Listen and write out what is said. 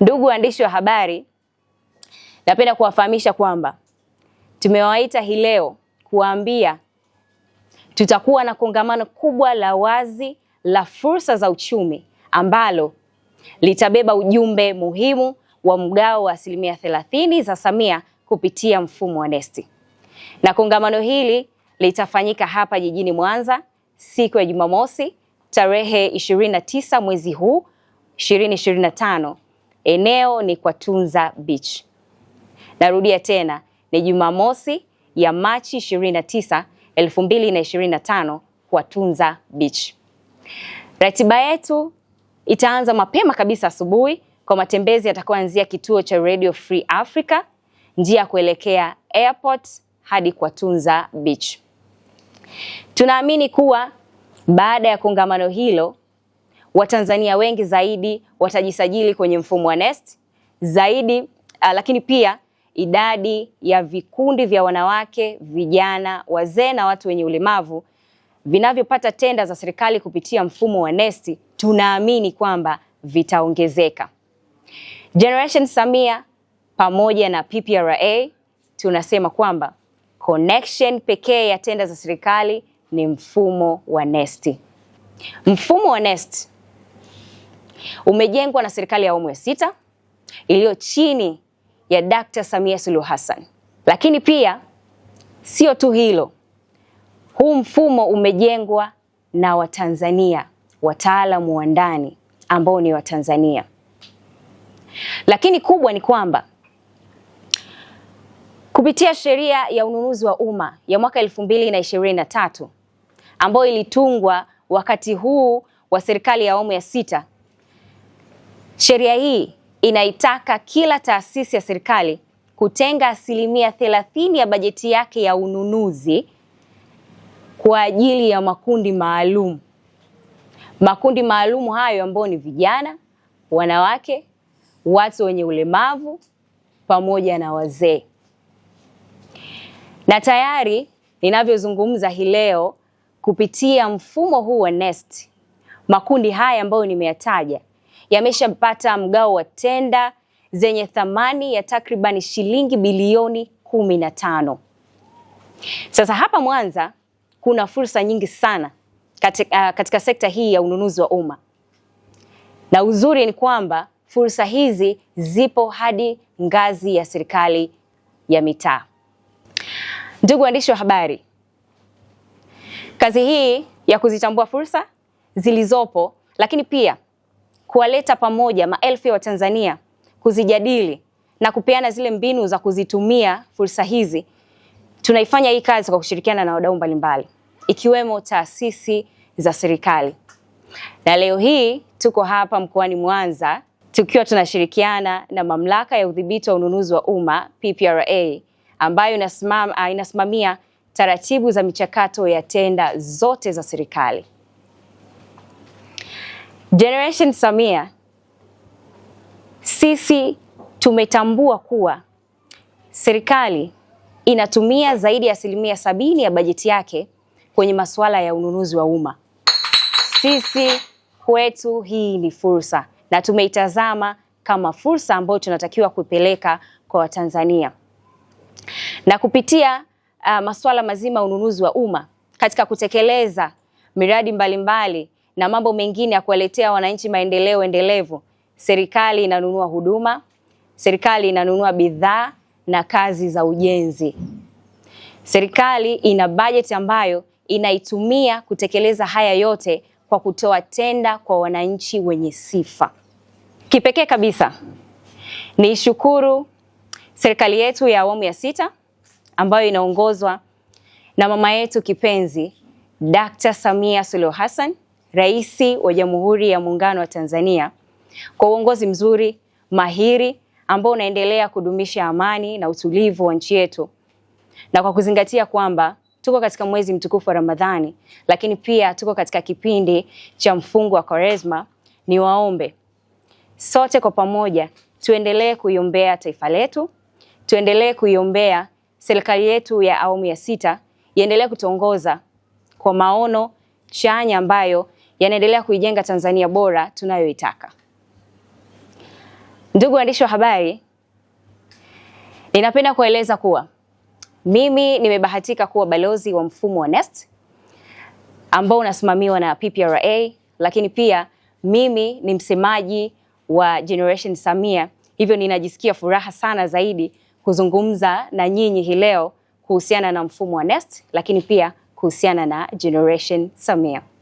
Ndugu waandishi wa habari, napenda kuwafahamisha kwamba tumewaita hii leo kuwaambia tutakuwa na kongamano kubwa la wazi la fursa za uchumi ambalo litabeba ujumbe muhimu wa mgao wa asilimia thelathini za Samia kupitia mfumo wa nesti Na kongamano hili litafanyika hapa jijini Mwanza siku ya Jumamosi tarehe 29 mwezi huu 2025 Eneo ni kwa Tunza Beach. Narudia tena, ni Jumamosi ya Machi 29, 2025 kwa Tunza Beach. Ratiba yetu itaanza mapema kabisa asubuhi kwa matembezi yatakayoanzia kituo cha Radio Free Africa, njia ya kuelekea airport hadi kwa Tunza Beach. Tunaamini kuwa baada ya kongamano hilo Watanzania wengi zaidi watajisajili kwenye mfumo wa NeST zaidi uh, lakini pia idadi ya vikundi vya wanawake, vijana, wazee na watu wenye ulemavu vinavyopata tenda za serikali kupitia mfumo wa NeST tunaamini kwamba vitaongezeka. Generation Samia pamoja na PPRA tunasema kwamba connection pekee ya tenda za serikali ni mfumo wa NeST. Mfumo wa NeST umejengwa na serikali ya awamu ya sita iliyo chini ya Dkt. Samia Suluhu Hassan. Lakini pia sio tu hilo, huu mfumo umejengwa na Watanzania, wataalamu wa ndani ambao ni Watanzania. Lakini kubwa ni kwamba kupitia sheria ya ununuzi wa umma ya mwaka elfu mbili na ishirini na tatu ambayo ilitungwa wakati huu wa serikali ya awamu ya sita Sheria hii inaitaka kila taasisi ya serikali kutenga asilimia thelathini ya bajeti yake ya ununuzi kwa ajili ya makundi maalum. Makundi maalum hayo ambayo ni vijana, wanawake, watu wenye ulemavu pamoja na wazee. Na tayari ninavyozungumza hii leo, kupitia mfumo huu wa NeST, makundi haya ambayo nimeyataja yameshapata mgao wa tenda zenye thamani ya takribani shilingi bilioni kumi na tano. Sasa hapa Mwanza kuna fursa nyingi sana katika, uh, katika sekta hii ya ununuzi wa umma na uzuri ni kwamba fursa hizi zipo hadi ngazi ya serikali ya mitaa. Ndugu waandishi wa habari, kazi hii ya kuzitambua fursa zilizopo, lakini pia kuwaleta pamoja maelfu ya Watanzania kuzijadili na kupeana zile mbinu za kuzitumia fursa hizi. Tunaifanya hii kazi kwa kushirikiana na wadau mbalimbali ikiwemo taasisi za serikali, na leo hii tuko hapa mkoani Mwanza tukiwa tunashirikiana na mamlaka ya udhibiti wa ununuzi wa umma PPRA ambayo inasimamia taratibu za michakato ya tenda zote za serikali. Generation Samia, sisi tumetambua kuwa serikali inatumia zaidi ya asilimia sabini ya bajeti yake kwenye masuala ya ununuzi wa umma. Sisi kwetu hii ni fursa na tumeitazama kama fursa ambayo tunatakiwa kuipeleka kwa Watanzania na kupitia uh, masuala mazima ya ununuzi wa umma katika kutekeleza miradi mbalimbali mbali, na mambo mengine ya kuwaletea wananchi maendeleo endelevu, serikali inanunua huduma, serikali inanunua bidhaa na kazi za ujenzi. Serikali ina bajeti ambayo inaitumia kutekeleza haya yote kwa kutoa tenda kwa wananchi wenye sifa. Kipekee kabisa ni shukuru serikali yetu ya awamu ya sita ambayo inaongozwa na mama yetu kipenzi Dkt. Samia Suluhu Hassan Rais wa Jamhuri ya Muungano wa Tanzania kwa uongozi mzuri, mahiri ambao unaendelea kudumisha amani na utulivu wa nchi yetu. Na kwa kuzingatia kwamba tuko katika mwezi mtukufu wa Ramadhani, lakini pia tuko katika kipindi cha mfungo wa Kwaresma, ni waombe sote kwa pamoja tuendelee kuiombea taifa letu, tuendelee kuiombea serikali yetu ya awamu ya sita, iendelee kutongoza kwa maono chanya ambayo yanaendelea kuijenga Tanzania bora tunayoitaka. Ndugu waandishi wa habari, ninapenda kueleza kuwa mimi nimebahatika kuwa balozi wa mfumo wa NeST ambao unasimamiwa na PPRA, lakini pia mimi ni msemaji wa Generation Samia, hivyo ninajisikia furaha sana zaidi kuzungumza na nyinyi hii leo kuhusiana na mfumo wa NeST, lakini pia kuhusiana na Generation Samia.